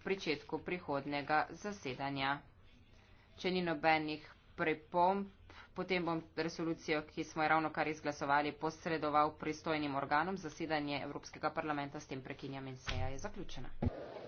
v pričetku prihodnega zasedanja. Če ni nobenih prepomp, potem bom resolucijo, ki smo jo ravno kar izglasovali, posredoval pristojnim organom. Zasedanje Evropskega parlamenta s tem prekinjam in seja je zaključena.